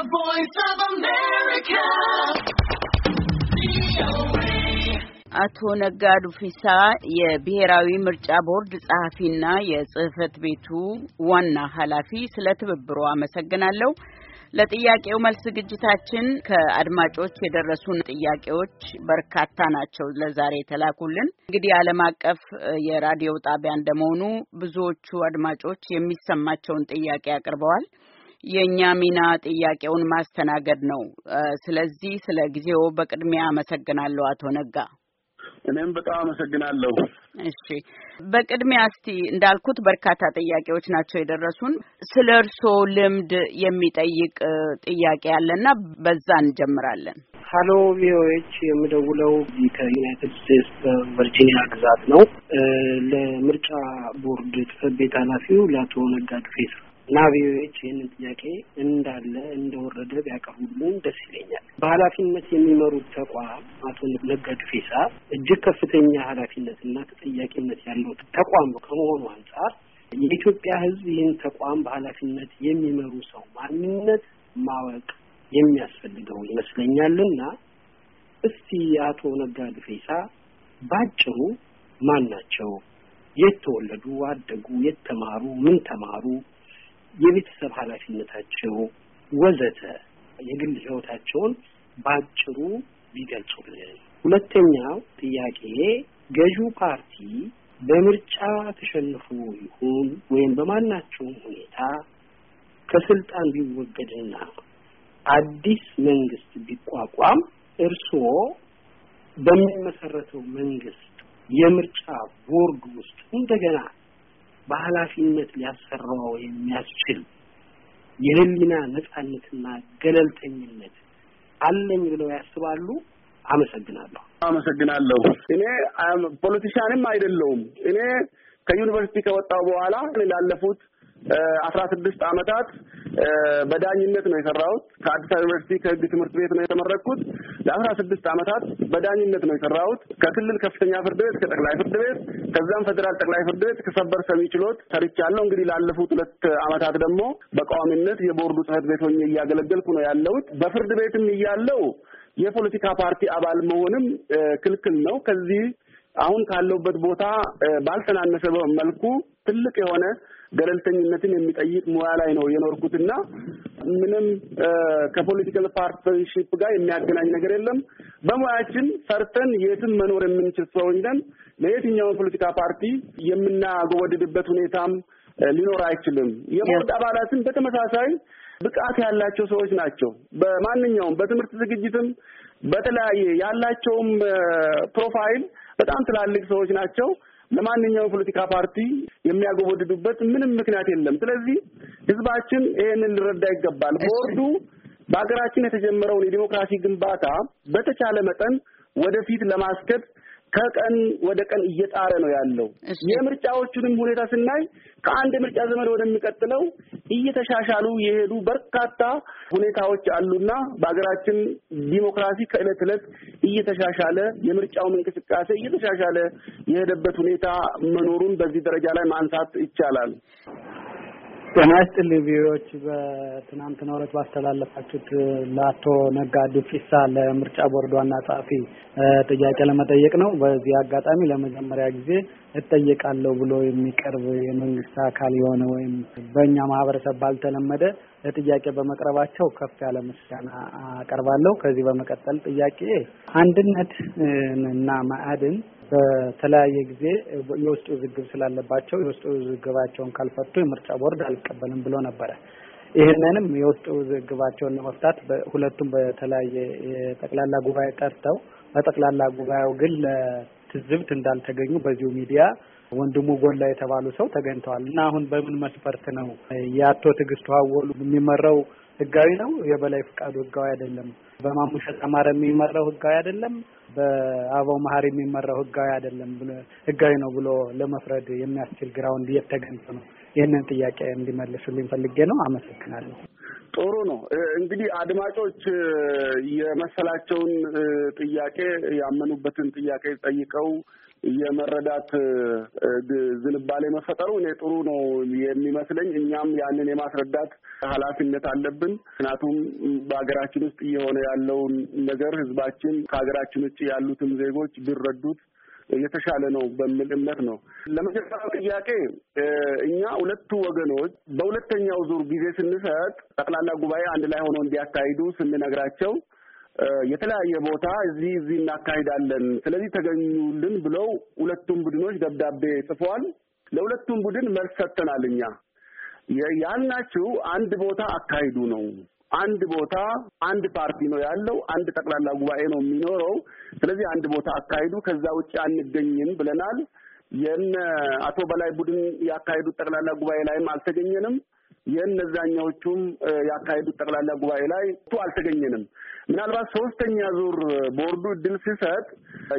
The voice of America. አቶ ነጋዱ ፊሳ የብሔራዊ ምርጫ ቦርድ ጸሐፊና የጽህፈት ቤቱ ዋና ኃላፊ ስለ ትብብሮ አመሰግናለሁ። ለጥያቄው መልስ ዝግጅታችን ከአድማጮች የደረሱን ጥያቄዎች በርካታ ናቸው። ለዛሬ የተላኩልን እንግዲህ ዓለም አቀፍ የራዲዮ ጣቢያ እንደመሆኑ ብዙዎቹ አድማጮች የሚሰማቸውን ጥያቄ አቅርበዋል። የእኛ ሚና ጥያቄውን ማስተናገድ ነው። ስለዚህ ስለ ጊዜው በቅድሚያ አመሰግናለሁ አቶ ነጋ። እኔም በጣም አመሰግናለሁ። እሺ በቅድሚያ እስቲ እንዳልኩት በርካታ ጥያቄዎች ናቸው የደረሱን። ስለ እርስዎ ልምድ የሚጠይቅ ጥያቄ ያለና በዛ እንጀምራለን። ሀሎ ቪኦኤች የምደውለው ከዩናይትድ ስቴትስ በቨርጂኒያ ግዛት ነው። ለምርጫ ቦርድ ጽሕፈት ቤት ኃላፊው ለአቶ ነጋዱ ፌሳ እና ቪኦኤዎች ይህንን ጥያቄ እንዳለ እንደወረደ ቢያቀርቡልን ደስ ይለኛል። በኃላፊነት የሚመሩት ተቋም አቶ ነጋዱ ፌሳ እጅግ ከፍተኛ ኃላፊነትና ተጠያቂነት ያለው ተቋም ከመሆኑ አንጻር የኢትዮጵያ ሕዝብ ይህን ተቋም በኃላፊነት የሚመሩ ሰው ማንነት ማወቅ የሚያስፈልገው ይመስለኛልና እስቲ አቶ ነጋዱ ፌሳ ባጭሩ ማን ናቸው? የት ተወለዱ፣ አደጉ፣ የት ተማሩ፣ ምን ተማሩ የቤተሰብ ኃላፊነታቸው ወዘተ የግል ህይወታቸውን በአጭሩ ቢገልጹልን። ሁለተኛው ጥያቄ ገዢው ፓርቲ በምርጫ ተሸንፎ ይሁን ወይም በማናቸውም ሁኔታ ከስልጣን ቢወገድና አዲስ መንግስት ቢቋቋም እርስዎ በሚመሰረተው መንግስት የምርጫ ቦርድ ውስጥ እንደገና በኃላፊነት ሊያሰራው የሚያስችል የህሊና ነጻነትና ገለልተኝነት አለኝ ብለው ያስባሉ። አመሰግናለሁ። አመሰግናለሁ። እኔ ፖለቲሻንም አይደለውም። እኔ ከዩኒቨርሲቲ ከወጣው በኋላ ላለፉት አስራ ስድስት ዓመታት በዳኝነት ነው የሰራሁት። ከአዲስ አበባ ዩኒቨርሲቲ ከህግ ትምህርት ቤት ነው የተመረቅኩት። ለአስራ ስድስት ዓመታት በዳኝነት ነው የሰራሁት። ከክልል ከፍተኛ ፍርድ ቤት፣ ከጠቅላይ ፍርድ ቤት፣ ከዛም ፌዴራል ጠቅላይ ፍርድ ቤት ከሰበር ሰሚ ችሎት ሰርቻለሁ። እንግዲህ ላለፉት ሁለት አመታት ደግሞ በቋሚነት የቦርዱ ጽህፈት ቤት ሆኜ እያገለገልኩ ነው ያለሁት። በፍርድ ቤትም እያለው የፖለቲካ ፓርቲ አባል መሆንም ክልክል ነው። ከዚህ አሁን ካለሁበት ቦታ ባልተናነሰ መልኩ ትልቅ የሆነ ገለልተኝነትን የሚጠይቅ ሙያ ላይ ነው የኖርኩትና ምንም ከፖለቲካል ፓርትነርሺፕ ጋር የሚያገናኝ ነገር የለም። በሙያችን ሰርተን የትም መኖር የምንችል ሰዎች ነን። ለየትኛውን ፖለቲካ ፓርቲ የምናጎወድድበት ሁኔታም ሊኖር አይችልም። የቦርድ አባላትን በተመሳሳይ ብቃት ያላቸው ሰዎች ናቸው። በማንኛውም በትምህርት ዝግጅትም በተለያየ ያላቸውም ፕሮፋይል በጣም ትላልቅ ሰዎች ናቸው። ለማንኛውም ፖለቲካ ፓርቲ የሚያጎበድዱበት ምንም ምክንያት የለም። ስለዚህ ህዝባችን ይሄንን ሊረዳ ይገባል። ቦርዱ በሀገራችን የተጀመረውን የዲሞክራሲ ግንባታ በተቻለ መጠን ወደፊት ለማስከት ከቀን ወደ ቀን እየጣረ ነው ያለው። የምርጫዎቹንም ሁኔታ ስናይ ከአንድ ምርጫ ዘመን ወደሚቀጥለው እየተሻሻሉ የሄዱ በርካታ ሁኔታዎች አሉና በሀገራችን ዲሞክራሲ ከእለት እለት እየተሻሻለ የምርጫውም እንቅስቃሴ እየተሻሻለ የሄደበት ሁኔታ መኖሩን በዚህ ደረጃ ላይ ማንሳት ይቻላል። ጤና ይስጥልኝ ቪዲዮዎች በትናንትናው ዕለት ባስተላለፋችሁት ለአቶ ነጋ ዱፊሳ ለምርጫ ቦርድ ዋና ጸሐፊ ጥያቄ ለመጠየቅ ነው። በዚህ አጋጣሚ ለመጀመሪያ ጊዜ እጠየቃለሁ ብሎ የሚቀርብ የመንግስት አካል የሆነ ወይም በእኛ ማህበረሰብ ባልተለመደ ለጥያቄ በመቅረባቸው ከፍ ያለ ምስጋና አቀርባለሁ። ከዚህ በመቀጠል ጥያቄ አንድነት እና ማዕድን በተለያየ ጊዜ የውስጥ ውዝግብ ስላለባቸው የውስጥ ውዝግባቸውን ካልፈቱ የምርጫ ቦርድ አልቀበልም ብሎ ነበረ። ይህንንም የውስጥ ውዝግባቸውን ለመፍታት ሁለቱም በተለያየ የጠቅላላ ጉባኤ ጠርተው በጠቅላላ ጉባኤው ግን ለትዝብት እንዳልተገኙ በዚሁ ሚዲያ ወንድሙ ጎላ የተባሉ ሰው ተገኝተዋል እና አሁን በምን መስፈርት ነው የአቶ ትዕግስቱ አወሉ የሚመራው ህጋዊ ነው? የበላይ ፈቃዱ ህጋዊ አይደለም። በማሙሸት አማረ የሚመራው ህጋዊ አይደለም። በአበው መሀሪ የሚመራው ህጋዊ አይደለም ህጋዊ ነው ብሎ ለመፍረድ የሚያስችል ግራውንድ እየተገኘ ነው። ይህንን ጥያቄ እንዲመልሱልኝ ፈልጌ ነው። አመሰግናለሁ። ጥሩ ነው እንግዲህ አድማጮች የመሰላቸውን ጥያቄ ያመኑበትን ጥያቄ ጠይቀው የመረዳት ዝንባሌ መፈጠሩ እኔ ጥሩ ነው የሚመስለኝ። እኛም ያንን የማስረዳት ኃላፊነት አለብን። ምክንያቱም በሀገራችን ውስጥ እየሆነ ያለውን ነገር ህዝባችን ከሀገራችን ውጭ ያሉትን ዜጎች ቢረዱት የተሻለ ነው በሚል እምነት ነው። ለመጀመሪያው ጥያቄ እኛ ሁለቱ ወገኖች በሁለተኛው ዙር ጊዜ ስንሰጥ ጠቅላላ ጉባኤ አንድ ላይ ሆነው እንዲያካሂዱ ስንነግራቸው የተለያየ ቦታ እዚህ እዚህ እናካሂዳለን፣ ስለዚህ ተገኙልን ብለው ሁለቱም ቡድኖች ደብዳቤ ጽፈዋል። ለሁለቱም ቡድን መልስ ሰጥተናል። እኛ ያልናችሁ አንድ ቦታ አካሂዱ ነው። አንድ ቦታ አንድ ፓርቲ ነው ያለው፣ አንድ ጠቅላላ ጉባኤ ነው የሚኖረው። ስለዚህ አንድ ቦታ አካሂዱ፣ ከዛ ውጭ አንገኝም ብለናል። የነ አቶ በላይ ቡድን ያካሄዱት ጠቅላላ ጉባኤ ላይም አልተገኘንም። የእነዛኛዎቹም ያካሄዱት ጠቅላላ ጉባኤ ላይ አልተገኘንም። ምናልባት ሶስተኛ ዙር ቦርዱ እድል ሲሰጥ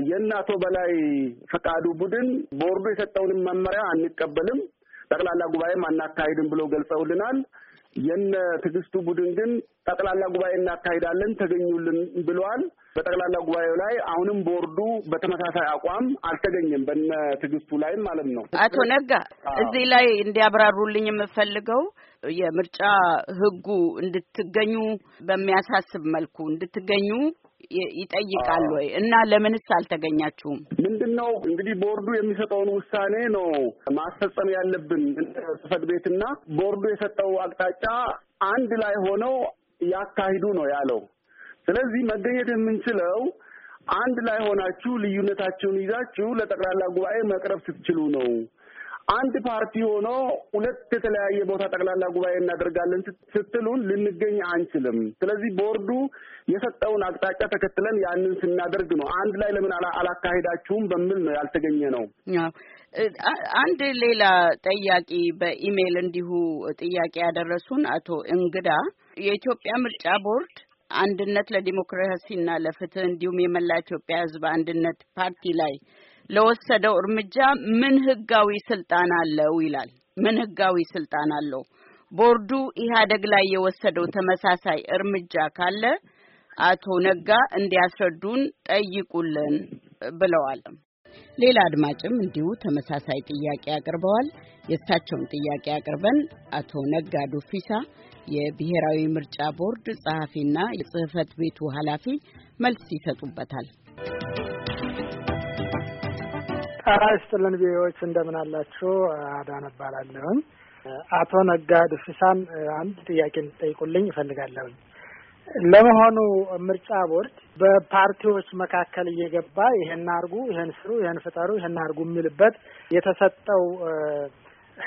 የእነ አቶ በላይ ፈቃዱ ቡድን ቦርዱ የሰጠውንም መመሪያ አንቀበልም ጠቅላላ ጉባኤም አናካሂድም ብሎ ገልጸውልናል። የነ ትዕግስቱ ቡድን ግን ጠቅላላ ጉባኤ እናካሂዳለን ተገኙልን ብለዋል። በጠቅላላ ጉባኤው ላይ አሁንም ቦርዱ በተመሳሳይ አቋም አልተገኘም፣ በነ ትዕግስቱ ላይም ማለት ነው። አቶ ነጋ እዚህ ላይ እንዲያብራሩልኝ የምፈልገው የምርጫ ሕጉ እንድትገኙ በሚያሳስብ መልኩ እንድትገኙ ይጠይቃል ወይ እና ለምንስ አልተገኛችሁም? ምንድን ነው እንግዲህ ቦርዱ የሚሰጠውን ውሳኔ ነው ማስፈጸም ያለብን ጽህፈት ቤትና ቦርዱ የሰጠው አቅጣጫ አንድ ላይ ሆነው ያካሂዱ ነው ያለው። ስለዚህ መገኘት የምንችለው አንድ ላይ ሆናችሁ ልዩነታችሁን ይዛችሁ ለጠቅላላ ጉባኤ መቅረብ ስትችሉ ነው። አንድ ፓርቲ ሆኖ ሁለት የተለያየ ቦታ ጠቅላላ ጉባኤ እናደርጋለን ስትሉን ልንገኝ አንችልም። ስለዚህ ቦርዱ የሰጠውን አቅጣጫ ተከትለን ያንን ስናደርግ ነው። አንድ ላይ ለምን አላካሄዳችሁም በሚል ነው ያልተገኘ ነው። አንድ ሌላ ጠያቂ በኢሜይል እንዲሁ ጥያቄ ያደረሱን አቶ እንግዳ የኢትዮጵያ ምርጫ ቦርድ አንድነት ለዲሞክራሲና ለፍትህ እንዲሁም የመላ ኢትዮጵያ ሕዝብ አንድነት ፓርቲ ላይ ለወሰደው እርምጃ ምን ህጋዊ ስልጣን አለው ይላል። ምን ህጋዊ ስልጣን አለው? ቦርዱ ኢህአደግ ላይ የወሰደው ተመሳሳይ እርምጃ ካለ አቶ ነጋ እንዲያስረዱን ጠይቁልን ብለዋል። ሌላ አድማጭም እንዲሁ ተመሳሳይ ጥያቄ አቅርበዋል። የእሳቸውን ጥያቄ አቅርበን አቶ ነጋ ዱፊሳ የብሔራዊ ምርጫ ቦርድ ጸሐፊና የጽህፈት ቤቱ ኃላፊ መልስ ይሰጡበታል። ጤና ይስጥልን ቪዎች እንደምን አላችሁ? አዳነ እባላለሁኝ። አቶ ነጋ ድፊሳን አንድ ጥያቄ እንጠይቁልኝ እፈልጋለሁኝ። ለመሆኑ ምርጫ ቦርድ በፓርቲዎች መካከል እየገባ ይሄን አርጉ፣ ይሄን ስሩ፣ ይሄን ፍጠሩ፣ ይሄን አርጉ የሚልበት የተሰጠው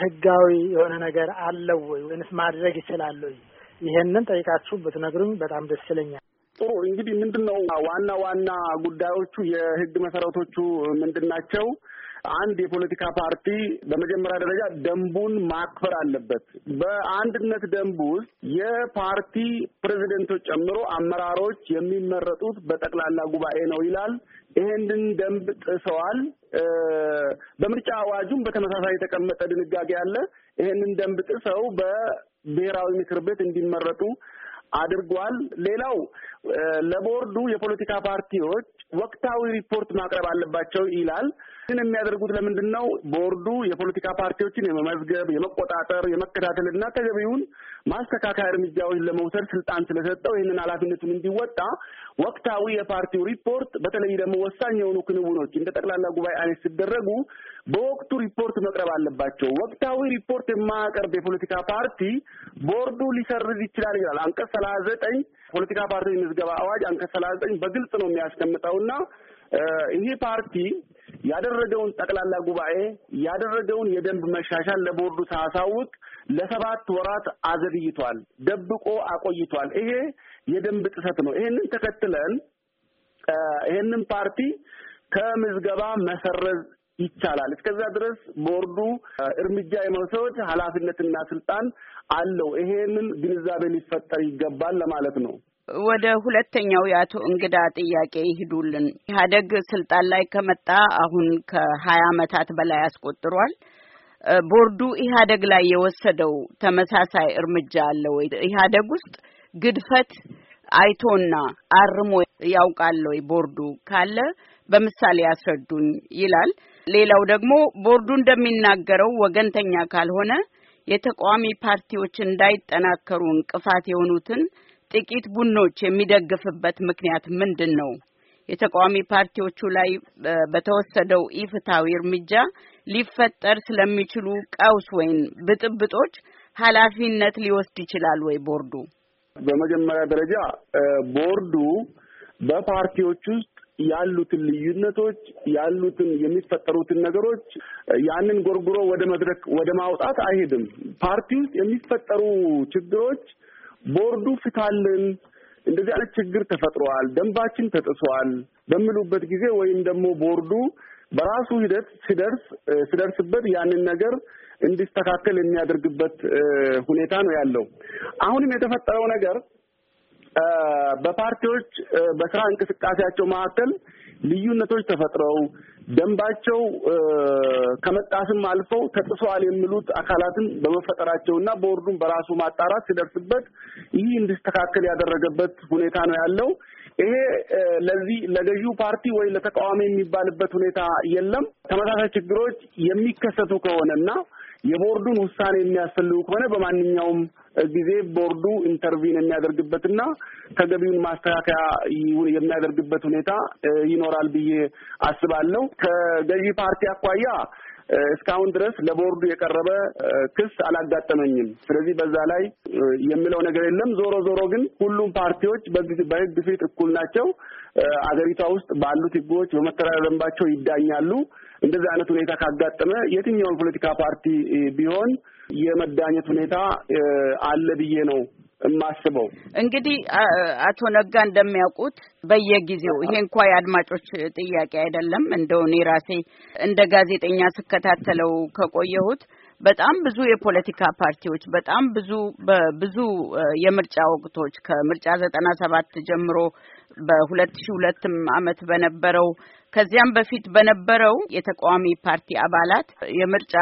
ህጋዊ የሆነ ነገር አለው ወይ? ወይንስ ማድረግ ይችላሉ? ይሄንን ጠይቃችሁ ብትነግሩኝ በጣም ደስ ይለኛል። ጥሩ እንግዲህ ምንድን ነው ዋና ዋና ጉዳዮቹ የህግ መሰረቶቹ ምንድን ናቸው? አንድ የፖለቲካ ፓርቲ በመጀመሪያ ደረጃ ደንቡን ማክበር አለበት። በአንድነት ደንቡ ውስጥ የፓርቲ ፕሬዚደንቶች ጨምሮ አመራሮች የሚመረጡት በጠቅላላ ጉባኤ ነው ይላል። ይሄንን ደንብ ጥሰዋል። በምርጫ አዋጁም በተመሳሳይ የተቀመጠ ድንጋጌ አለ። ይሄንን ደንብ ጥሰው በብሔራዊ ምክር ቤት እንዲመረጡ አድርጓል። ሌላው ለቦርዱ የፖለቲካ ፓርቲዎች ወቅታዊ ሪፖርት ማቅረብ አለባቸው ይላል። ይህን የሚያደርጉት ለምንድን ነው? ቦርዱ የፖለቲካ ፓርቲዎችን የመመዝገብ የመቆጣጠር፣ የመከታተልና ተገቢውን ማስተካከያ እርምጃዎች ለመውሰድ ስልጣን ስለሰጠው ይህንን ኃላፊነቱን እንዲወጣ ወቅታዊ የፓርቲው ሪፖርት በተለይ ደግሞ ወሳኝ የሆኑ ክንውኖች እንደ ጠቅላላ ጉባኤ አይነት ሲደረጉ በወቅቱ ሪፖርት መቅረብ አለባቸው። ወቅታዊ ሪፖርት የማያቀርብ የፖለቲካ ፓርቲ ቦርዱ ሊሰርዝ ይችላል ይላል አንቀጽ ሰላሳ ዘጠኝ ፖለቲካ ፓርቲ ምዝገባ አዋጅ አንቀጽ ሰላሳ ዘጠኝ በግልጽ ነው የሚያስቀምጠውና ይሄ ፓርቲ ያደረገውን ጠቅላላ ጉባኤ ያደረገውን የደንብ መሻሻል ለቦርዱ ሳያሳውቅ ለሰባት ወራት አዘግይቷል፣ ደብቆ አቆይቷል። ይሄ የደንብ ጥሰት ነው። ይሄንን ተከትለን ይሄንን ፓርቲ ከምዝገባ መሰረዝ ይቻላል። እስከዛ ድረስ ቦርዱ እርምጃ የመውሰድ ኃላፊነትና ስልጣን አለው። ይሄንን ግንዛቤ ሊፈጠር ይገባል ለማለት ነው። ወደ ሁለተኛው የአቶ እንግዳ ጥያቄ ይሂዱልን። ኢህአደግ ስልጣን ላይ ከመጣ አሁን ከሀያ ዓመታት በላይ አስቆጥሯል። ቦርዱ ኢህአደግ ላይ የወሰደው ተመሳሳይ እርምጃ አለ ወይ? ኢህአደግ ውስጥ ግድፈት አይቶና አርሞ ያውቃል ወይ? ቦርዱ ካለ በምሳሌ ያስረዱኝ ይላል። ሌላው ደግሞ ቦርዱ እንደሚናገረው ወገንተኛ ካልሆነ የተቃዋሚ ፓርቲዎች እንዳይጠናከሩ እንቅፋት የሆኑትን ጥቂት ቡድኖች የሚደግፍበት ምክንያት ምንድን ነው? የተቃዋሚ ፓርቲዎቹ ላይ በተወሰደው ኢፍታዊ እርምጃ ሊፈጠር ስለሚችሉ ቀውስ ወይም ብጥብጦች ኃላፊነት ሊወስድ ይችላል ወይ ቦርዱ? በመጀመሪያ ደረጃ ቦርዱ በፓርቲዎች ውስጥ ያሉትን ልዩነቶች ያሉትን የሚፈጠሩትን ነገሮች ያንን ጎርጉሮ ወደ መድረክ ወደ ማውጣት አይሄድም። ፓርቲ ውስጥ የሚፈጠሩ ችግሮች ቦርዱ ፍታልን፣ እንደዚህ አይነት ችግር ተፈጥሯል፣ ደንባችን ተጥሷል በሚሉበት ጊዜ ወይም ደግሞ ቦርዱ በራሱ ሂደት ሲደርስ ሲደርስበት ያንን ነገር እንዲስተካከል የሚያደርግበት ሁኔታ ነው ያለው። አሁንም የተፈጠረው ነገር በፓርቲዎች በስራ እንቅስቃሴያቸው መካከል ልዩነቶች ተፈጥረው ደንባቸው ከመጣስም አልፈው ተጥሰዋል የሚሉት አካላትን በመፈጠራቸው እና ቦርዱን በራሱ ማጣራት ሲደርስበት ይህ እንዲስተካከል ያደረገበት ሁኔታ ነው ያለው። ይሄ ለዚህ ለገዢው ፓርቲ ወይ ለተቃዋሚ የሚባልበት ሁኔታ የለም። ተመሳሳይ ችግሮች የሚከሰቱ ከሆነና የቦርዱን ውሳኔ የሚያስፈልጉ ከሆነ በማንኛውም ጊዜ ቦርዱ ኢንተርቪን የሚያደርግበትና ተገቢውን ማስተካከያ የሚያደርግበት ሁኔታ ይኖራል ብዬ አስባለሁ። ከገዢ ፓርቲ አኳያ እስካሁን ድረስ ለቦርዱ የቀረበ ክስ አላጋጠመኝም። ስለዚህ በዛ ላይ የምለው ነገር የለም። ዞሮ ዞሮ ግን ሁሉም ፓርቲዎች በሕግ ፊት እኩል ናቸው። አገሪቷ ውስጥ ባሉት ሕጎች በመተዳደሪያ ደንባቸው ይዳኛሉ። እንደዚህ አይነት ሁኔታ ካጋጠመ የትኛውን ፖለቲካ ፓርቲ ቢሆን የመዳኘት ሁኔታ አለ ብዬ ነው የማስበው። እንግዲህ አቶ ነጋ እንደሚያውቁት በየጊዜው ይሄ እንኳ የአድማጮች ጥያቄ አይደለም። እንደው እኔ ራሴ እንደ ጋዜጠኛ ስከታተለው ከቆየሁት በጣም ብዙ የፖለቲካ ፓርቲዎች በጣም ብዙ ብዙ የምርጫ ወቅቶች ከምርጫ ዘጠና ሰባት ጀምሮ በሁለት ሺ ሁለትም አመት በነበረው ከዚያም በፊት በነበረው የተቃዋሚ ፓርቲ አባላት የምርጫ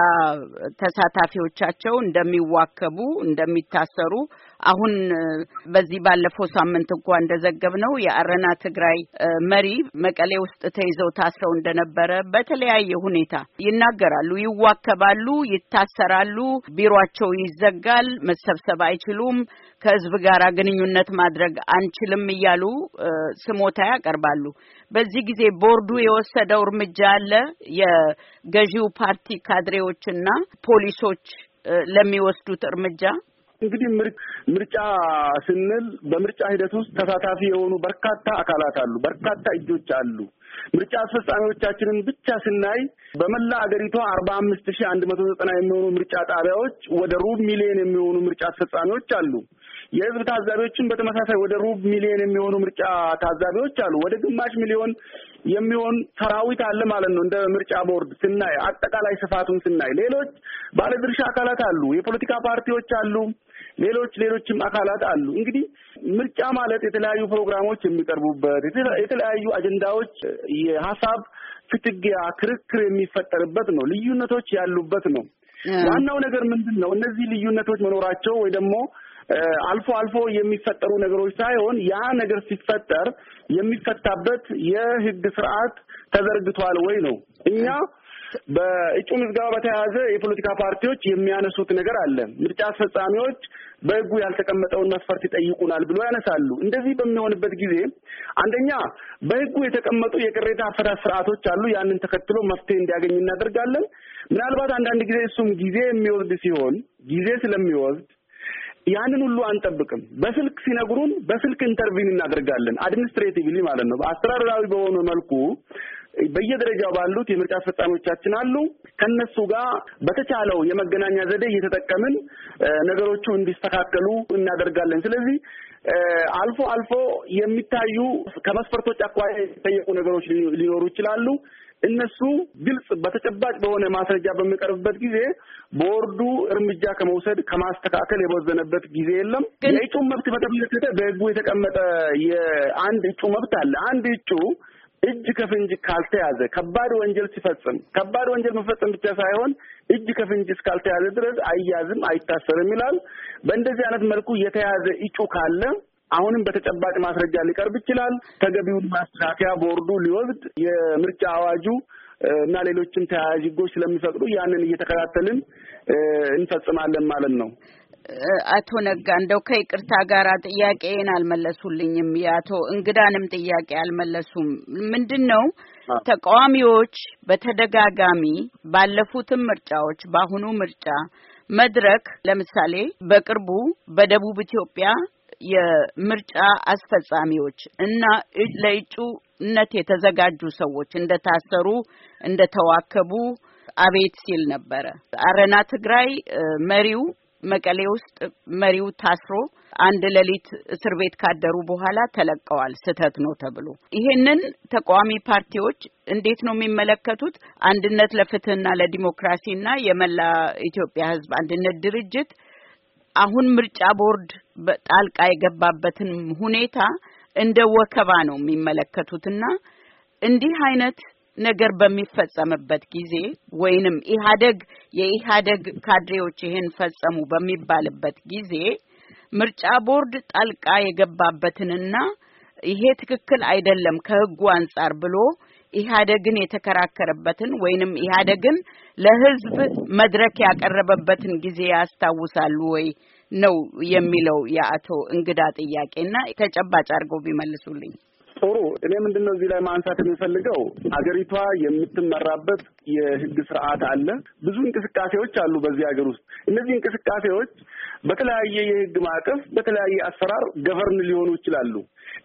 ተሳታፊዎቻቸው እንደሚዋከቡ እንደሚታሰሩ አሁን በዚህ ባለፈው ሳምንት እንኳ እንደዘገብ ነው የአረና ትግራይ መሪ መቀሌ ውስጥ ተይዘው ታስረው እንደነበረ በተለያየ ሁኔታ ይናገራሉ። ይዋከባሉ፣ ይታሰራሉ፣ ቢሮቸው ይዘጋል፣ መሰብሰብ አይችሉም፣ ከህዝብ ጋር ግንኙነት ማድረግ አንችልም እያሉ ስሞታ ያቀርባሉ። በዚህ ጊዜ ቦርዱ የወሰደው እርምጃ አለ የገዢው ፓርቲ ካድሬዎችና ፖሊሶች ለሚወስዱት እርምጃ እንግዲህ ምርጫ ስንል በምርጫ ሂደት ውስጥ ተሳታፊ የሆኑ በርካታ አካላት አሉ፣ በርካታ እጆች አሉ። ምርጫ አስፈጻሚዎቻችንን ብቻ ስናይ በመላ አገሪቷ አርባ አምስት ሺህ አንድ መቶ ዘጠና የሚሆኑ ምርጫ ጣቢያዎች ወደ ሩብ ሚሊዮን የሚሆኑ ምርጫ አስፈጻሚዎች አሉ። የህዝብ ታዛቢዎችን በተመሳሳይ ወደ ሩብ ሚሊዮን የሚሆኑ ምርጫ ታዛቢዎች አሉ። ወደ ግማሽ ሚሊዮን የሚሆን ሰራዊት አለ ማለት ነው። እንደ ምርጫ ቦርድ ስናይ አጠቃላይ ስፋቱን ስናይ ሌሎች ባለድርሻ አካላት አሉ፣ የፖለቲካ ፓርቲዎች አሉ፣ ሌሎች ሌሎችም አካላት አሉ። እንግዲህ ምርጫ ማለት የተለያዩ ፕሮግራሞች የሚቀርቡበት የተለያዩ አጀንዳዎች የሀሳብ ፍትጊያ፣ ክርክር የሚፈጠርበት ነው። ልዩነቶች ያሉበት ነው። ዋናው ነገር ምንድን ነው? እነዚህ ልዩነቶች መኖራቸው ወይ ደግሞ አልፎ አልፎ የሚፈጠሩ ነገሮች ሳይሆን ያ ነገር ሲፈጠር የሚፈታበት የህግ ስርዓት ተዘርግቷል ወይ ነው እኛ በእጩ ምዝገባ በተያያዘ የፖለቲካ ፓርቲዎች የሚያነሱት ነገር አለ። ምርጫ አስፈጻሚዎች በሕጉ ያልተቀመጠውን መስፈርት ይጠይቁናል ብሎ ያነሳሉ። እንደዚህ በሚሆንበት ጊዜ አንደኛ በሕጉ የተቀመጡ የቅሬታ አፈታት ስርዓቶች አሉ። ያንን ተከትሎ መፍትሄ እንዲያገኝ እናደርጋለን። ምናልባት አንዳንድ ጊዜ እሱም ጊዜ የሚወስድ ሲሆን ጊዜ ስለሚወስድ ያንን ሁሉ አንጠብቅም። በስልክ ሲነግሩን በስልክ ኢንተርቪን እናደርጋለን። አድሚኒስትሬቲቭሊ ማለት ነው። አስተዳደራዊ በሆነ መልኩ በየደረጃው ባሉት የምርጫ አስፈጻሚዎቻችን አሉ። ከነሱ ጋር በተቻለው የመገናኛ ዘዴ እየተጠቀምን ነገሮቹ እንዲስተካከሉ እናደርጋለን። ስለዚህ አልፎ አልፎ የሚታዩ ከመስፈርቶች አኳያ የሚጠየቁ ነገሮች ሊኖሩ ይችላሉ። እነሱ ግልጽ በተጨባጭ በሆነ ማስረጃ በሚቀርብበት ጊዜ ቦርዱ እርምጃ ከመውሰድ ከማስተካከል የበዘነበት ጊዜ የለም። የእጩ መብት በተመለከተ በሕጉ የተቀመጠ የአንድ እጩ መብት አለ። አንድ እጩ እጅ ከፍንጅ ካልተያዘ ከባድ ወንጀል ሲፈጽም ከባድ ወንጀል መፈጸም ብቻ ሳይሆን እጅ ከፍንጅ እስካልተያዘ ድረስ አይያዝም፣ አይታሰርም ይላል። በእንደዚህ አይነት መልኩ የተያዘ እጩ ካለ አሁንም በተጨባጭ ማስረጃ ሊቀርብ ይችላል። ተገቢውን ማስተካከያ ቦርዱ ሊወስድ የምርጫ አዋጁ እና ሌሎችም ተያያዥ ሕጎች ስለሚፈቅዱ ያንን እየተከታተልን እንፈጽማለን ማለት ነው። አቶ ነጋ እንደው ከይቅርታ ጋር ጥያቄን አልመለሱልኝም። የአቶ እንግዳንም ጥያቄ አልመለሱም። ምንድን ነው ተቃዋሚዎች በተደጋጋሚ ባለፉትም ምርጫዎች በአሁኑ ምርጫ መድረክ ለምሳሌ በቅርቡ በደቡብ ኢትዮጵያ የምርጫ አስፈጻሚዎች እና ለእጩነት የተዘጋጁ ሰዎች እንደታሰሩ እንደተዋከቡ አቤት ሲል ነበረ። አረና ትግራይ መሪው መቀሌ ውስጥ መሪው ታስሮ አንድ ሌሊት እስር ቤት ካደሩ በኋላ ተለቀዋል። ስህተት ነው ተብሎ ይሄንን ተቃዋሚ ፓርቲዎች እንዴት ነው የሚመለከቱት? አንድነት ለፍትህና ለዲሞክራሲና የመላ ኢትዮጵያ ሕዝብ አንድነት ድርጅት አሁን ምርጫ ቦርድ ጣልቃ የገባበትን ሁኔታ እንደ ወከባ ነው የሚመለከቱትና እንዲህ አይነት ነገር በሚፈጸምበት ጊዜ ወይንም ኢህአደግ የኢህአደግ ካድሬዎች ይህን ፈጸሙ በሚባልበት ጊዜ ምርጫ ቦርድ ጣልቃ የገባበትንና ይሄ ትክክል አይደለም ከህጉ አንጻር ብሎ ኢህአደግን የተከራከረበትን ወይንም ኢህአደግን ለህዝብ መድረክ ያቀረበበትን ጊዜ ያስታውሳሉ ወይ ነው የሚለው የአቶ እንግዳ ጥያቄና ተጨባጭ አድርገው ቢመልሱልኝ። ጥሩ። እኔ ምንድን ነው እዚህ ላይ ማንሳት የምፈልገው ሀገሪቷ የምትመራበት የህግ ስርዓት አለ። ብዙ እንቅስቃሴዎች አሉ በዚህ ሀገር ውስጥ። እነዚህ እንቅስቃሴዎች በተለያየ የህግ ማዕቀፍ፣ በተለያየ አሰራር ገቨርን ሊሆኑ ይችላሉ።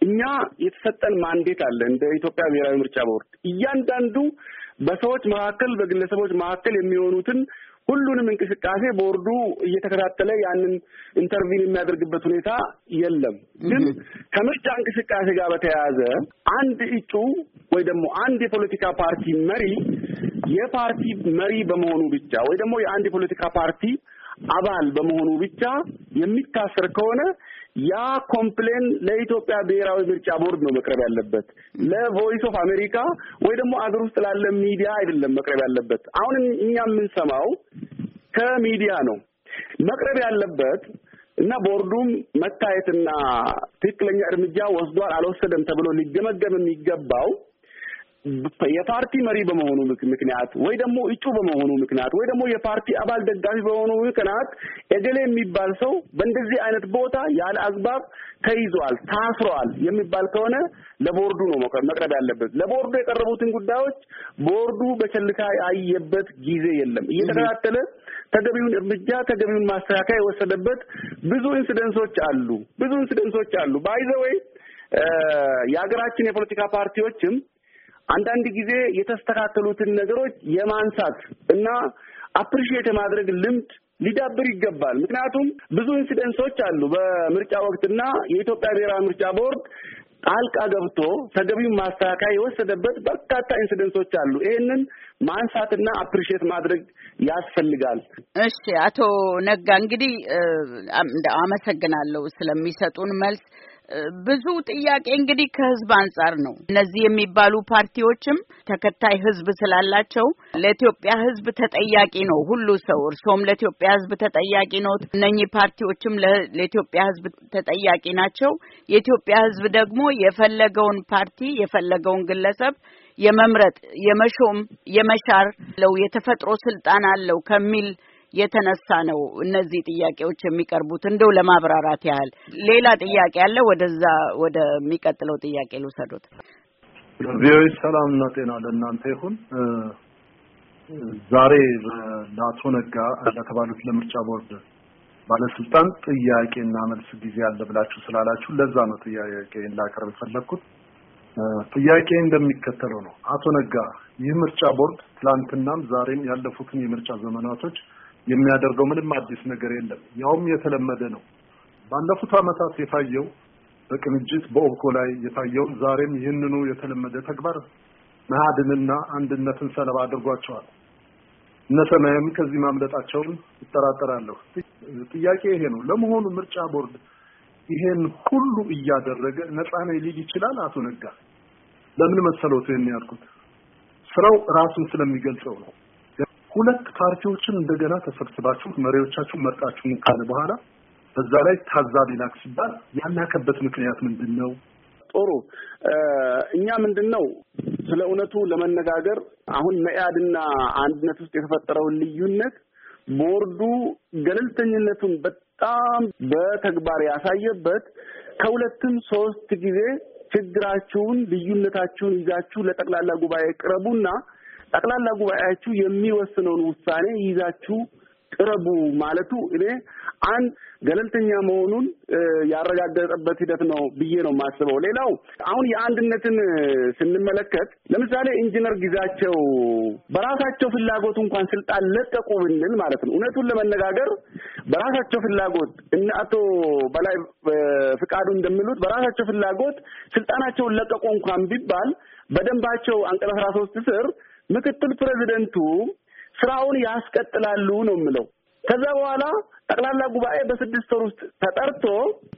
እኛ የተሰጠን ማንዴት አለ እንደ ኢትዮጵያ ብሔራዊ ምርጫ ቦርድ እያንዳንዱ በሰዎች መካከል በግለሰቦች መካከል የሚሆኑትን ሁሉንም እንቅስቃሴ ቦርዱ እየተከታተለ ያንን ኢንተርቪን የሚያደርግበት ሁኔታ የለም። ግን ከምርጫ እንቅስቃሴ ጋር በተያያዘ አንድ እጩ ወይ ደግሞ አንድ የፖለቲካ ፓርቲ መሪ የፓርቲ መሪ በመሆኑ ብቻ ወይ ደግሞ የአንድ የፖለቲካ ፓርቲ አባል በመሆኑ ብቻ የሚታሰር ከሆነ ያ ኮምፕሌን ለኢትዮጵያ ብሔራዊ ምርጫ ቦርድ ነው መቅረብ ያለበት፣ ለቮይስ ኦፍ አሜሪካ ወይ ደግሞ አገር ውስጥ ላለ ሚዲያ አይደለም መቅረብ ያለበት። አሁን እኛ የምንሰማው ከሚዲያ ነው መቅረብ ያለበት እና ቦርዱም መታየትና ትክክለኛ እርምጃ ወስዷል አልወሰደም ተብሎ ሊገመገም የሚገባው የፓርቲ መሪ በመሆኑ ምክንያት ወይ ደግሞ እጩ በመሆኑ ምክንያት ወይ ደግሞ የፓርቲ አባል ደጋፊ በሆኑ ምክንያት እገሌ የሚባል ሰው በእንደዚህ አይነት ቦታ ያለ አግባብ ተይዟል፣ ታስሯል የሚባል ከሆነ ለቦርዱ ነው መቅረብ ያለበት። ለቦርዱ የቀረቡትን ጉዳዮች ቦርዱ በቸልታ ያየበት ጊዜ የለም። እየተከታተለ ተገቢውን እርምጃ ተገቢውን ማስተካከያ የወሰደበት ብዙ ኢንስደንሶች አሉ። ብዙ ኢንስደንሶች አሉ። ባይዘወይ የሀገራችን የፖለቲካ ፓርቲዎችም አንዳንድ ጊዜ የተስተካከሉትን ነገሮች የማንሳት እና አፕሪሺየት የማድረግ ልምድ ሊዳብር ይገባል። ምክንያቱም ብዙ ኢንሲደንሶች አሉ በምርጫ ወቅትና የኢትዮጵያ ብሔራዊ ምርጫ ቦርድ ጣልቃ ገብቶ ተገቢውን ማስተካከያ የወሰደበት በርካታ ኢንሲደንሶች አሉ። ይህንን ማንሳትና አፕሪሼት ማድረግ ያስፈልጋል። እሺ፣ አቶ ነጋ እንግዲህ አመሰግናለሁ ስለሚሰጡን መልስ። ብዙ ጥያቄ እንግዲህ ከህዝብ አንጻር ነው። እነዚህ የሚባሉ ፓርቲዎችም ተከታይ ህዝብ ስላላቸው ለኢትዮጵያ ህዝብ ተጠያቂ ነው ሁሉ ሰው። እርሶም ለኢትዮጵያ ህዝብ ተጠያቂ ነው። እነኚህ ፓርቲዎችም ለኢትዮጵያ ህዝብ ተጠያቂ ናቸው። የኢትዮጵያ ህዝብ ደግሞ የፈለገውን ፓርቲ የፈለገውን ግለሰብ የመምረጥ የመሾም፣ የመሻር ለው የተፈጥሮ ስልጣን አለው ከሚል የተነሳ ነው እነዚህ ጥያቄዎች የሚቀርቡት? እንደው ለማብራራት ያህል ሌላ ጥያቄ አለ። ወደዛ ወደሚቀጥለው ጥያቄ ልውሰዱት። ቪኦኤ ሰላም እና ጤና ለእናንተ ይሁን። ዛሬ ለአቶ ነጋ ለተባሉት ለምርጫ ቦርድ ባለስልጣን ጥያቄና መልስ ጊዜ አለ ብላችሁ ስላላችሁ ለዛ ነው ጥያቄን ላቀርብ የፈለግኩት። ጥያቄ እንደሚከተለው ነው። አቶ ነጋ ይህ ምርጫ ቦርድ ትላንትናም ዛሬም ያለፉትን የምርጫ ዘመናቶች የሚያደርገው ምንም አዲስ ነገር የለም። ያውም የተለመደ ነው። ባለፉት ዓመታት የታየው በቅንጅት በኦብኮ ላይ የታየውን ዛሬም ይህንኑ የተለመደ ተግባር መሀድንና አንድነትን ሰለባ አድርጓቸዋል። እነ ሰማያዊም ከዚህ ማምለጣቸውን ይጠራጠራለሁ። ጥያቄ ይሄ ነው። ለመሆኑ ምርጫ ቦርድ ይሄን ሁሉ እያደረገ ነፃ ነኝ ሊል ይችላል? አቶ ነጋ ለምን መሰሎት ይሄን ያልኩት ስራው ራሱን ስለሚገልጸው ነው። ሁለት ፓርቲዎችን እንደገና ተሰብስባችሁ መሪዎቻችሁ መርጣችሁ ካለ በኋላ በዛ ላይ ታዛቢ ላክ ሲባል ያላከበት ምክንያት ምንድን ነው? ጥሩ እኛ ምንድን ነው ስለ እውነቱ ለመነጋገር አሁን መኢአድና አንድነት ውስጥ የተፈጠረውን ልዩነት ቦርዱ ገለልተኝነቱን በጣም በተግባር ያሳየበት ከሁለትም ሶስት ጊዜ ችግራችሁን፣ ልዩነታችሁን ይዛችሁ ለጠቅላላ ጉባኤ ቅረቡና ጠቅላላ ጉባኤያችሁ የሚወስነውን ውሳኔ ይዛችሁ ቅረቡ ማለቱ እኔ አንድ ገለልተኛ መሆኑን ያረጋገጠበት ሂደት ነው ብዬ ነው የማስበው። ሌላው አሁን የአንድነትን ስንመለከት ለምሳሌ ኢንጂነር ጊዛቸው በራሳቸው ፍላጎት እንኳን ስልጣን ለቀቁ ብንል ማለት ነው እውነቱን ለመነጋገር በራሳቸው ፍላጎት እነ አቶ በላይ ፍቃዱ እንደሚሉት በራሳቸው ፍላጎት ስልጣናቸውን ለቀቁ እንኳን ቢባል በደንባቸው አንቀጽ አስራ ሶስት ስር ምክትል ፕሬዚደንቱ ስራውን ያስቀጥላሉ ነው የምለው። ከዛ በኋላ ጠቅላላ ጉባኤ በስድስት ወር ውስጥ ተጠርቶ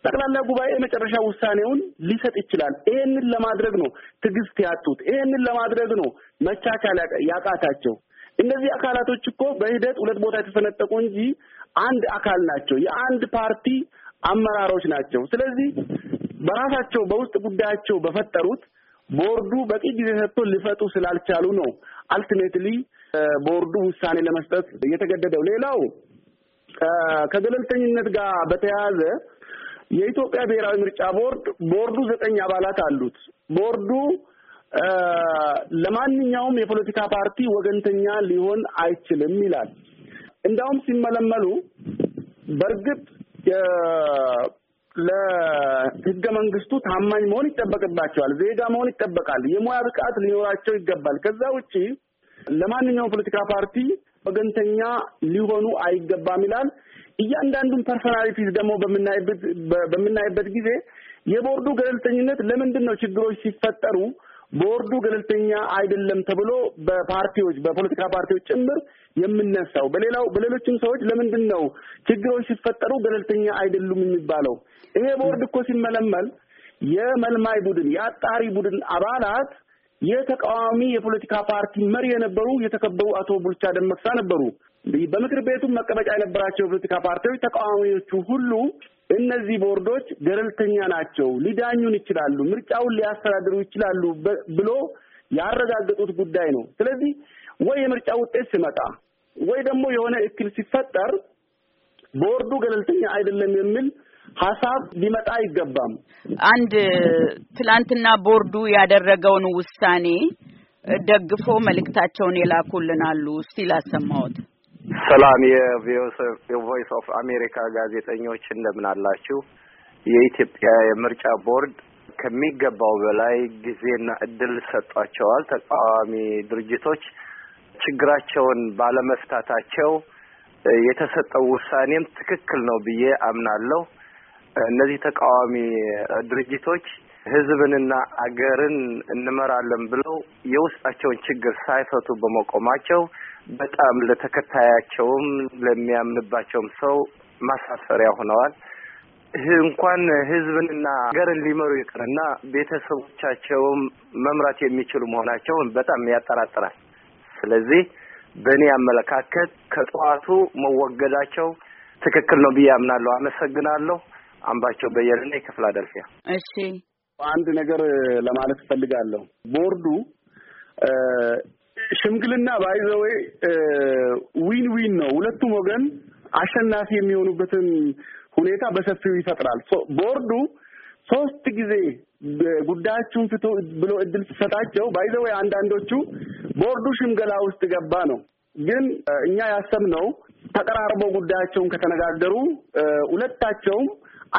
ጠቅላላ ጉባኤ መጨረሻ ውሳኔውን ሊሰጥ ይችላል። ይሄንን ለማድረግ ነው ትዕግስት ያጡት። ይሄንን ለማድረግ ነው መቻቻል ያቃታቸው። እነዚህ አካላቶች እኮ በሂደት ሁለት ቦታ የተሰነጠቁ እንጂ አንድ አካል ናቸው። የአንድ ፓርቲ አመራሮች ናቸው። ስለዚህ በራሳቸው በውስጥ ጉዳያቸው በፈጠሩት ቦርዱ በቂ ጊዜ ሰጥቶ ሊፈጡ ስላልቻሉ ነው አልቲሜትሊ ቦርዱ uh, ውሳኔ ለመስጠት የተገደደው። ሌላው ከገለልተኝነት ጋር በተያያዘ የኢትዮጵያ ብሔራዊ ምርጫ ቦርድ ቦርዱ ዘጠኝ አባላት አሉት። ቦርዱ uh, ለማንኛውም የፖለቲካ ፓርቲ ወገንተኛ ሊሆን አይችልም ይላል። እንዳውም ሲመለመሉ በእርግጥ ለህገ መንግስቱ ታማኝ መሆን ይጠበቅባቸዋል። ዜጋ መሆን ይጠበቃል። የሙያ ብቃት ሊኖራቸው ይገባል። ከዛ ውጪ ለማንኛውም ፖለቲካ ፓርቲ ወገንተኛ ሊሆኑ አይገባም ይላል። እያንዳንዱን ፐርሶናሊቲዝ ደግሞ በምናይበት በምናይበት ጊዜ የቦርዱ ገለልተኝነት ለምንድን ነው ችግሮች ሲፈጠሩ ቦርዱ ገለልተኛ አይደለም ተብሎ በፓርቲዎች በፖለቲካ ፓርቲዎች ጭምር የምነሳው? በሌላው በሌሎችም ሰዎች ለምንድን ነው ችግሮች ሲፈጠሩ ገለልተኛ አይደሉም የሚባለው? ይሄ ቦርድ እኮ ሲመለመል የመልማይ ቡድን የአጣሪ ቡድን አባላት የተቃዋሚ የፖለቲካ ፓርቲ መሪ የነበሩ የተከበሩ አቶ ቡልቻ ደመቅሳ ነበሩ። በምክር ቤቱም መቀመጫ የነበራቸው የፖለቲካ ፓርቲዎች ተቃዋሚዎቹ ሁሉ እነዚህ ቦርዶች ገለልተኛ ናቸው፣ ሊዳኙን ይችላሉ፣ ምርጫውን ሊያስተዳድሩ ይችላሉ ብሎ ያረጋገጡት ጉዳይ ነው። ስለዚህ ወይ የምርጫ ውጤት ሲመጣ ወይ ደግሞ የሆነ እክል ሲፈጠር ቦርዱ ገለልተኛ አይደለም የሚል ሀሳብ ሊመጣ አይገባም። አንድ ትላንትና ቦርዱ ያደረገውን ውሳኔ ደግፎ መልእክታቸውን የላኩልን አሉ። እስቲ ላሰማሁት። ሰላም፣ የቮይስ ኦፍ አሜሪካ ጋዜጠኞች እንደምን አላችሁ? የኢትዮጵያ የምርጫ ቦርድ ከሚገባው በላይ ጊዜና እድል ሰጧቸዋል። ተቃዋሚ ድርጅቶች ችግራቸውን ባለመፍታታቸው የተሰጠው ውሳኔም ትክክል ነው ብዬ አምናለሁ። እነዚህ ተቃዋሚ ድርጅቶች ህዝብንና አገርን እንመራለን ብለው የውስጣቸውን ችግር ሳይፈቱ በመቆማቸው በጣም ለተከታያቸውም ለሚያምንባቸውም ሰው ማሳፈሪያ ሆነዋል። እንኳን ህዝብንና አገርን ሊመሩ ይቅርና ቤተሰቦቻቸውም መምራት የሚችሉ መሆናቸውን በጣም ያጠራጥራል። ስለዚህ በእኔ አመለካከት ከጠዋቱ መወገዳቸው ትክክል ነው ብዬ አምናለሁ። አመሰግናለሁ። አምባቸው በየነ ከፊላደልፊያ። እሺ፣ አንድ ነገር ለማለት እፈልጋለሁ። ቦርዱ ሽምግልና ባይዘወይ ዊን ዊን ነው። ሁለቱም ወገን አሸናፊ የሚሆኑበትን ሁኔታ በሰፊው ይፈጥራል ቦርዱ ሶስት ጊዜ ጉዳያችሁን ፍቶ ብሎ እድል ስሰጣቸው ባይዘው አንዳንዶቹ ቦርዱ ሽምገላ ውስጥ ገባ ነው። ግን እኛ ያሰብነው ተቀራርበው ጉዳያቸውን ከተነጋገሩ ሁለታቸውም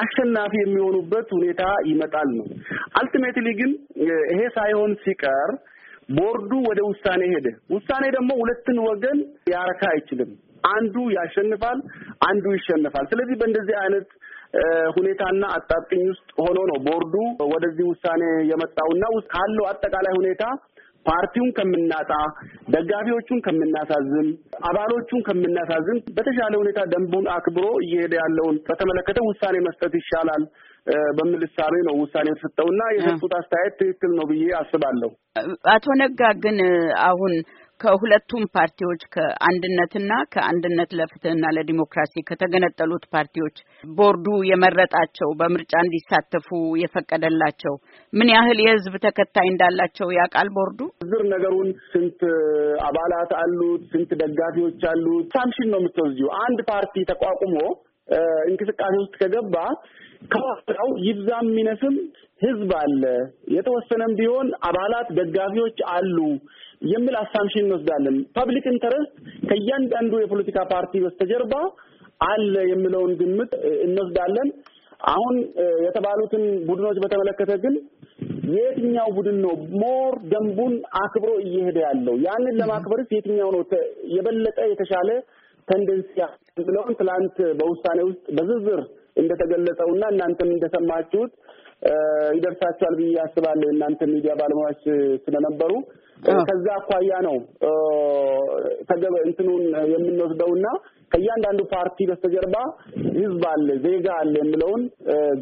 አሸናፊ የሚሆኑበት ሁኔታ ይመጣል ነው። አልቲሜትሊ ግን ይሄ ሳይሆን ሲቀር ቦርዱ ወደ ውሳኔ ሄደ። ውሳኔ ደግሞ ሁለትን ወገን ያረካ አይችልም። አንዱ ያሸንፋል፣ አንዱ ይሸነፋል። ስለዚህ በእንደዚህ አይነት ሁኔታና አጣብቂኝ ውስጥ ሆኖ ነው ቦርዱ ወደዚህ ውሳኔ የመጣውና ካለው አጠቃላይ ሁኔታ ፓርቲውን ከምናጣ፣ ደጋፊዎቹን ከምናሳዝን፣ አባሎቹን ከምናሳዝን በተሻለ ሁኔታ ደንቡን አክብሮ እየሄደ ያለውን በተመለከተ ውሳኔ መስጠት ይሻላል በሚል እሳቤ ነው ውሳኔ የተሰጠውና የሰጡት አስተያየት ትክክል ነው ብዬ አስባለሁ። አቶ ነጋ ግን አሁን ከሁለቱም ፓርቲዎች ከአንድነትና ከአንድነት ለፍትህና ለዲሞክራሲ ከተገነጠሉት ፓርቲዎች ቦርዱ የመረጣቸው በምርጫ እንዲሳተፉ የፈቀደላቸው ምን ያህል የህዝብ ተከታይ እንዳላቸው ያውቃል ቦርዱ? ዝር ነገሩን ስንት አባላት አሉት፣ ስንት ደጋፊዎች አሉት ሳምሽን ነው የምትወስጂው። አንድ ፓርቲ ተቋቁሞ እንቅስቃሴ ውስጥ ከገባ ከኋላው ይብዛ የሚነስም ህዝብ አለ። የተወሰነም ቢሆን አባላት፣ ደጋፊዎች አሉ። የሚል አሳምሽን እንወስዳለን። ፐብሊክ ኢንተረስት ከእያንዳንዱ የፖለቲካ ፓርቲ በስተጀርባ አለ የሚለውን ግምት እንወስዳለን። አሁን የተባሉትን ቡድኖች በተመለከተ ግን የትኛው ቡድን ነው ሞር ደንቡን አክብሮ እየሄደ ያለው? ያንን ለማክበርስ የትኛው ነው የበለጠ የተሻለ ተንደንስ ብለውን ትላንት በውሳኔ ውስጥ በዝርዝር እንደተገለጸውና እናንተም እንደሰማችሁት ይደርሳችኋል ብዬ አስባለሁ። እናንተ ሚዲያ ባለሙያዎች ስለነበሩ ከዛ አኳያ ነው ተገበ እንትኑን የምንወስደውና ከእያንዳንዱ ፓርቲ በስተጀርባ ህዝብ አለ፣ ዜጋ አለ የሚለውን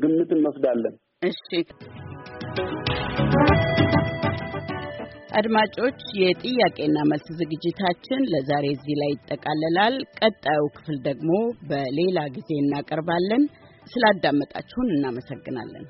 ግምት እንወስዳለን። እሺ አድማጮች፣ የጥያቄና መልስ ዝግጅታችን ለዛሬ እዚህ ላይ ይጠቃለላል። ቀጣዩ ክፍል ደግሞ በሌላ ጊዜ እናቀርባለን። ስላዳመጣችሁን እናመሰግናለን።